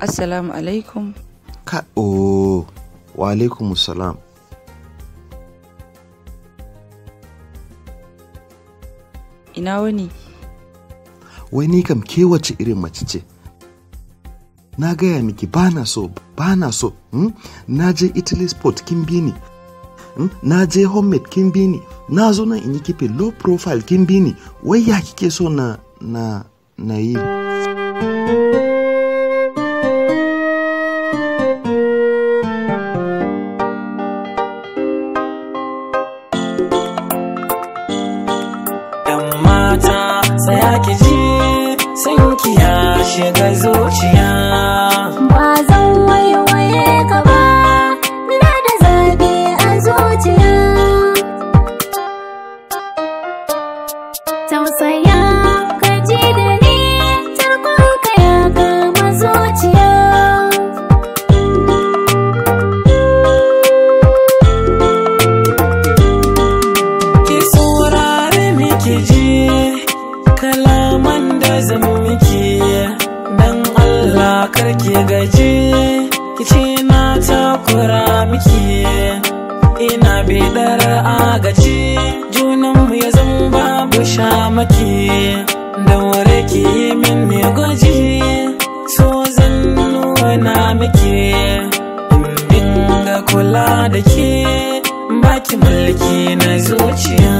assalamu alaikum ka o oh, wa alaikumu salam ina wani wai ni kam kewace irin mace ce na gaya miki ba na so ba na so hmm? na je italy sport kin bi ni hmm? na je homemade kin bi ni na zo nan in yi kife low profile kin bi ni wai ya kike so na na na yi tsaya ki ji sun kiya ya shiga zuciya ba zan waiwaye ka ba na da zabi a zuciya tausayi da zan miki dan Allah karki gaji kici na takura miki ina bidar agaci junanmu ya zama babu shamaki daure ki min mai gwaji so zan nuna miki dinga kula da ki baki mulki na zuciya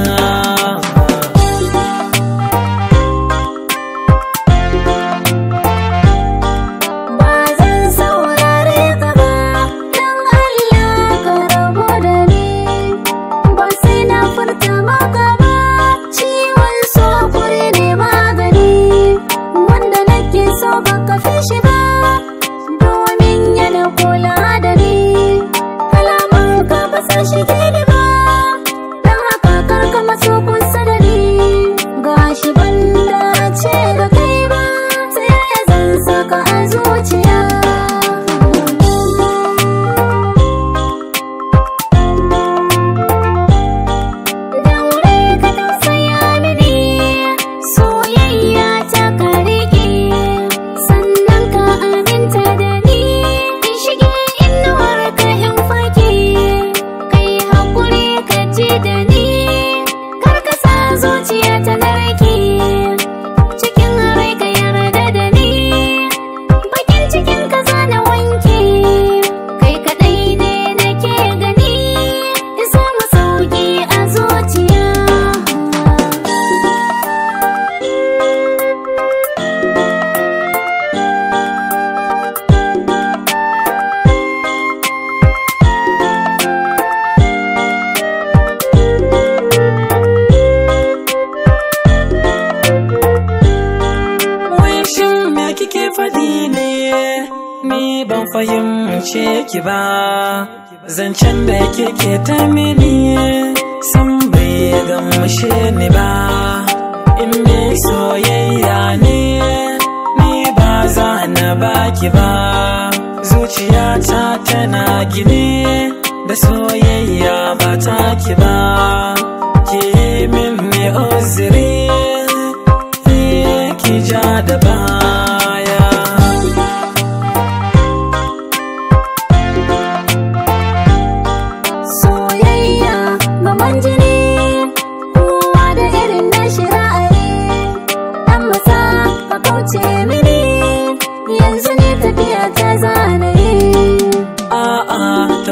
fahimce ki ba zancen da kike ta mini san bai gamshe ni ba in me soyayya ne ni ba za na baki ba zuciyata tana gine da so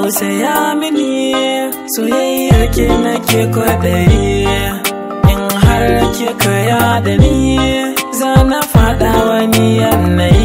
tausaya mini soyayyar ke nake in har kaya da ni za na faɗa wani yanayi